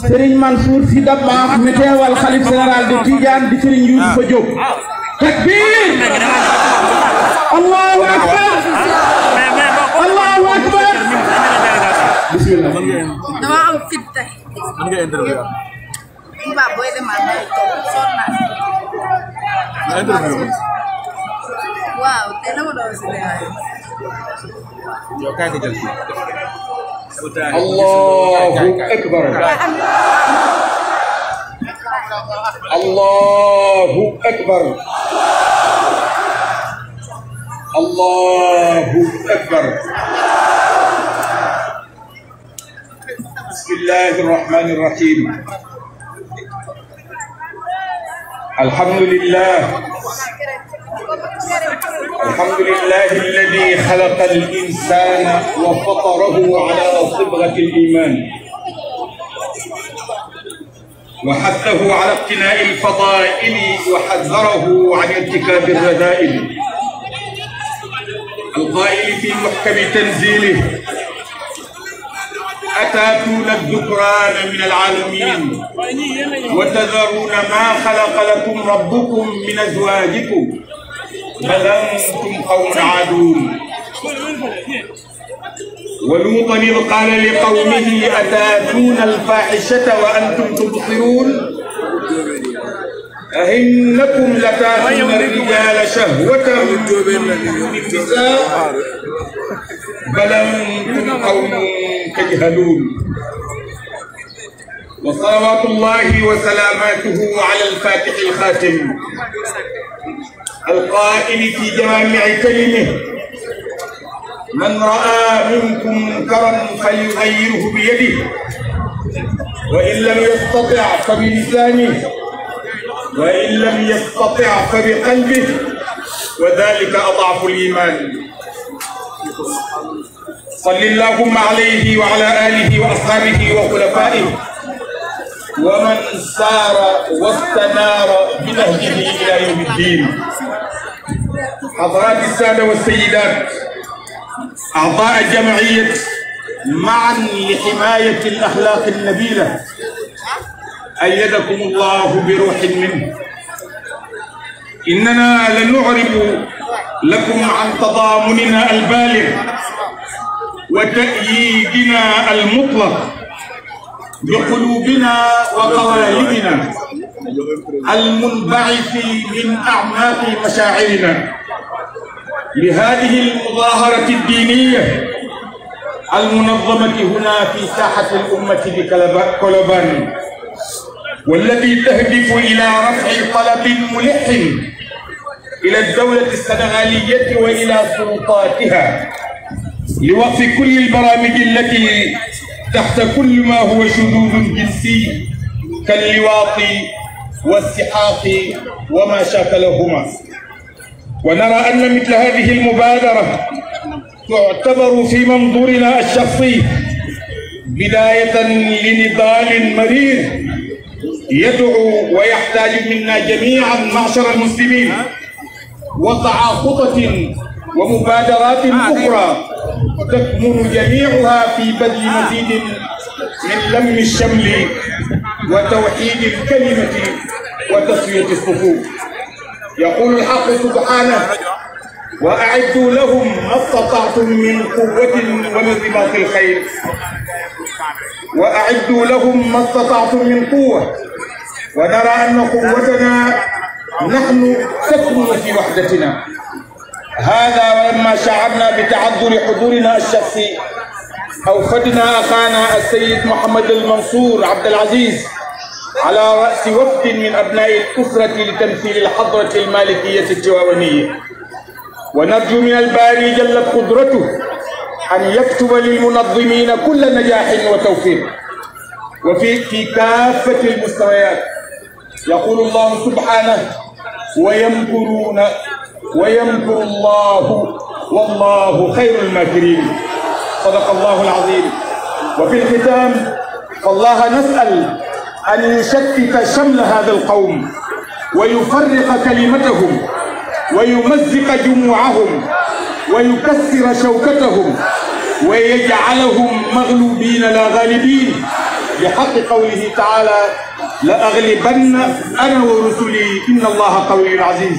sëriñ Mansour si Dabakh mi teewal xalif général de Tidiane di sëriñ Yuusufa Diop takbir allahu akbar allahu akbar bismillah dama am fit tey Mbaa booy demaat day toog sonn naa waaw te dama doon si yow kaay nga jël allahu akbar allahu akbar allahu akbar bismillahi rahmani rahim alhamdulillah الحمد لله الذي خلق الإنسان وفطره على صبغة الإيمان وحثه على اقتناء الفضائل وحذره عن ارتكاب الرذائل القائل في محكم تنزيله أتاتون الذكران من العالمين وتذرون ما خلق لكم ربكم من أزواجكم ظلمتم قوم عدوم ولوطا إذ قال لقومه أتاتون الفاحشة وأنتم تبصرون أئنكم لتاتون الرجال شهوة من النساء بل أنتم قوم تجهلون وصلوات الله وسلاماته على الفاتح الخاتم القائل في جوامع كلمه من راى منكم منكرا فليغيره بيده وان لم يستطع فبلسانه وان لم يستطع فبقلبه وذلك اضعف الايمان صل اللهم عليه وعلى اله واصحابه وخلفائه ومن سار واستنار بنهجه الى يوم الدين حضرات السادة والسيدات أعضاء جمعية معا لحماية الأخلاق النبيلة أيدكم الله بروح منه إننا لنعرب لكم عن تضامننا البالغ وتأييدنا المطلق بقلوبنا وقوالبنا المنبعث من أعماق مشاعرنا لهذه المظاهرة الدينية المنظمة هنا في ساحة الأمة بكولوبان والتي تهدف إلى رفع طلب ملح إلى الدولة السنغالية وإلى سلطاتها لوقف كل البرامج التي تحت كل ما هو شذوذ جنسي كاللواط والسحاق وما شاكلهما ونرى أن مثل هذه المبادرة تعتبر في منظورنا الشخصي بداية لنضال مرير يدعو ويحتاج منا جميعا معشر المسلمين وتعاقبة ومبادرات أخرى تكمن جميعها في بذل مزيد من لم الشمل وتوحيد الكلمة وتصفية الصفوف يقول الحق سبحانه وأعدوا لهم ما استطعتم من قوة ومن رباط الخير وأعدوا لهم ما استطعتم من قوة ونرى أن قوتنا نحن تكمن في وحدتنا هذا ولما شعرنا بتعذر حضورنا الشخصي أوفدنا أخانا السيد محمد المنصور عبد العزيز على رأس وفد من أبناء الأسرة لتمثيل الحضرة المالكية الجواونية ونرجو من الباري جلت قدرته أن يكتب للمنظمين كل نجاح وتوفيق وفي في كافة المستويات يقول الله سبحانه ويمكرون ويمكر الله والله خير الماكرين صدق الله العظيم وفي الختام فالله نسأل أن يشتت شمل هذا القوم ويفرق كلمتهم ويمزق جموعهم ويكسر شوكتهم ويجعلهم مغلوبين لا غالبين بحق قوله تعالى لأغلبن أنا ورسلي إن الله قوي عزيز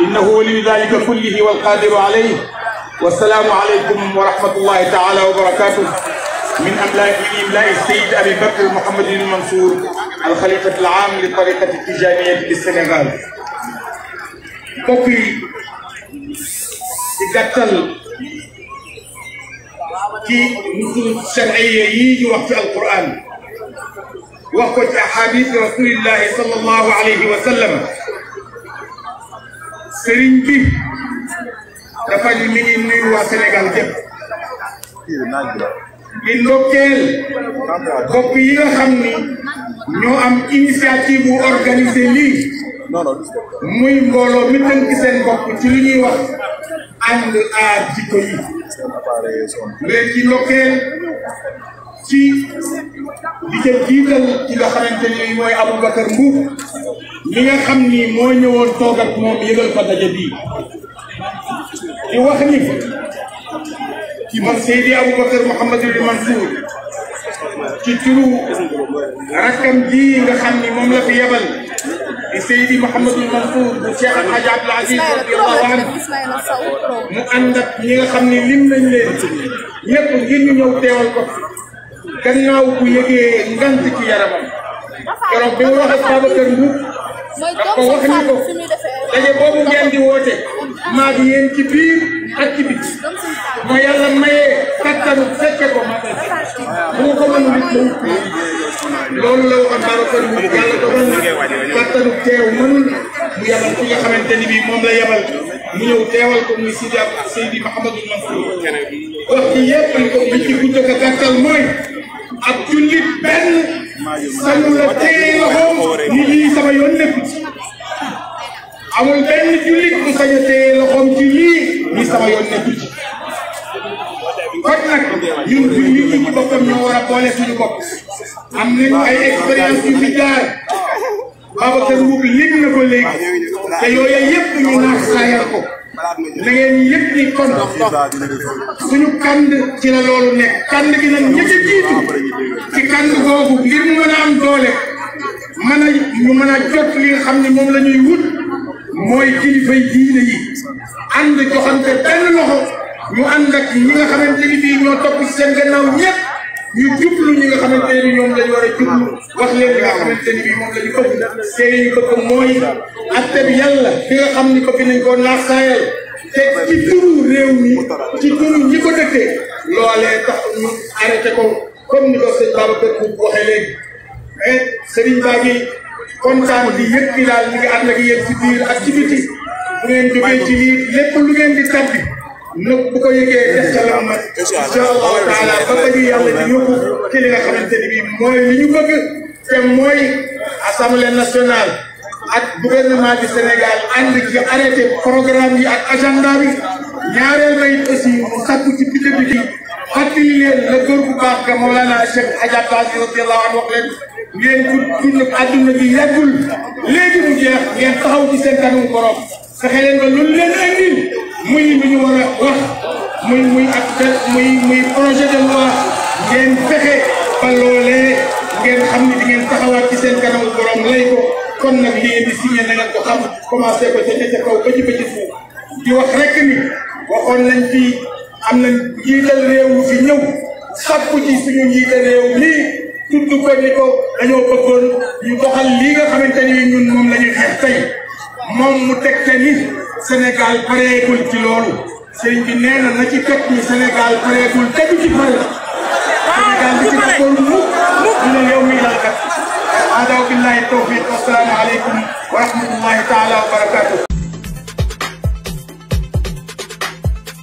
إنه ولي ذلك كله والقادر عليه والسلام عليكم ورحمة الله تعالى وبركاته من أملاك من إملاء السيد أبي بكر محمد بن منصور الخليفة العام للطريقة التجارية بالسنغال كوفي قتل ci nusuus sharciya yii ñu wax ci alquran wax ko ci ahadis rasulillahi sallallahu alayhi wa sallam sëriñ bi dafa ni mi ngi nuyu waa Sénégal gépp di ndokkeel bokk yi nga xam ni ñoo am initiative bu organiser lii muy mbooloo mi tënk seen bopp ci li ñuy wax ànd aar jikko yi mais ci ndokkeel ci di ca jiital ci nga xamante ni mooy Aboubacar Mbuub mi nga xam ni moo ñëwoon toog ak moom yëgal fa daje bii di wax ni ci man Seydi Aboubacar Mouhamadul Mansour ci turu rakkam ji nga xam ni moom la fi yebal di Seydi Mouhamadul Mansour bu Cheikh El Hadj Abdoul Aziz radiyallahu anhu mu ànd ñi nga xam ni lim nañ leen ñëpp ngir ñu ñëw teewal ko gannaaw bu yëgee ngant ci yaramam keroog bi mu wax ak Babacar Mboup dafa wax ni ko daje boobu ngeen di woote. maa ngi yéen ci biir ak ci ma yàlla mayee kattanu fekke ko ma bu ma ko mënul nit ma wut loolu la waxoon dara kon mu yàlla dogal na kattanu teew mu yabal ki nga xamante ni bii moom la yabal mu ñëw teewal ko muy Sidi ak Seydi Mahamadou Mansour wax ci yëpp li ko biñ ci gudd ko gàttal mooy ab jullit benn sañu la téye loxoom ni lii sama yoon amul benn jullit bu sañ a téye loxoom ci lii lii sama yoon nekkul ci kon nag ñun jullit ñi ci boppam ñoo war a boole suñu bopp am nañu ay expérience yu fi jaar Babacar Mbuub lim na ko léegi te yooyu yëpp ñu naax saayal ko na ngeen yëpp ni kon suñu kand ci la loolu nekk kand gi nag a jiitu ci kand googu ngir mu mën a am doole mën a ñu mën a jot li xam ne moom lañuy ñuy wut. mooy kilifa yi diine yi ànd joxante benn loxo ñu ànd ak ñi nga xamante ni bii ñoo topp ci seen gannaaw ñëpp ñu jublu ñi nga xamante ni ñoom lañ war a jublu wax leen li nga xamante ni bii moom la ñu mooy atte bi yàlla fi nga xam ni ko fi nañ ko naasaayal te ci turu réew mi ci turu ñi ko dëkkee loolee tax ñu arrêté ko comme ni ko sëñ Babacar bu waxee léegi mais sëriñ baa kontaan bi yëpp bi daal ñu ngi ànd ak yéen biir ak bu ngeen jógee ci lii lépp lu ngeen di tabbi nag bu ko yëgee def ca la ma incha a taala ba ba ñu yàlla di yóbbu ci li nga xamante ni bii mooy li ñu bëgg te mooy assemblée nationale ak gouvernement du Sénégal ànd ci arrêté programme yi ak agenda bi ñaareel ba it aussi mu ci budget bi fàttali leen la góor bu baax ga Mawlana Cheikh Hadj Abbas radiyallahu anhu wax leen ngeen jub fitna adduna bi yàggul léegi mu jeex ngeen taxaw ci seen kanamu borom fexe leen ba loolu leen indi muy lu ñu war a wax muy muy ak muy muy projet de loi ngeen fexe ba loolee ngeen xam ni di ngeen taxawaat ci seen kanamu borom lay ko kon nag li ngeen di signé na ngeen ko xam commencé ko ca ca kaw ba ci ba ci suuf di wax rek ni waxoon nañ fi am na njiital réew mi fi ñëw sàkku ci suñu njiital réew mi. tudd ko ni ko dañoo bëggoon ñu doxal lii nga xamante ni ñun moom la xeex tey moom mu teg te ni Sénégal pareegul ci loolu sëriñ bi nee na na ci teg ni Sénégal pareegul ci pare Sénégal bi ci ah, defoon mukk dina yow mi dalkat aadaw billahi tawfiq assalaamu aleykum wa rahmatullahi taala wa barakatuh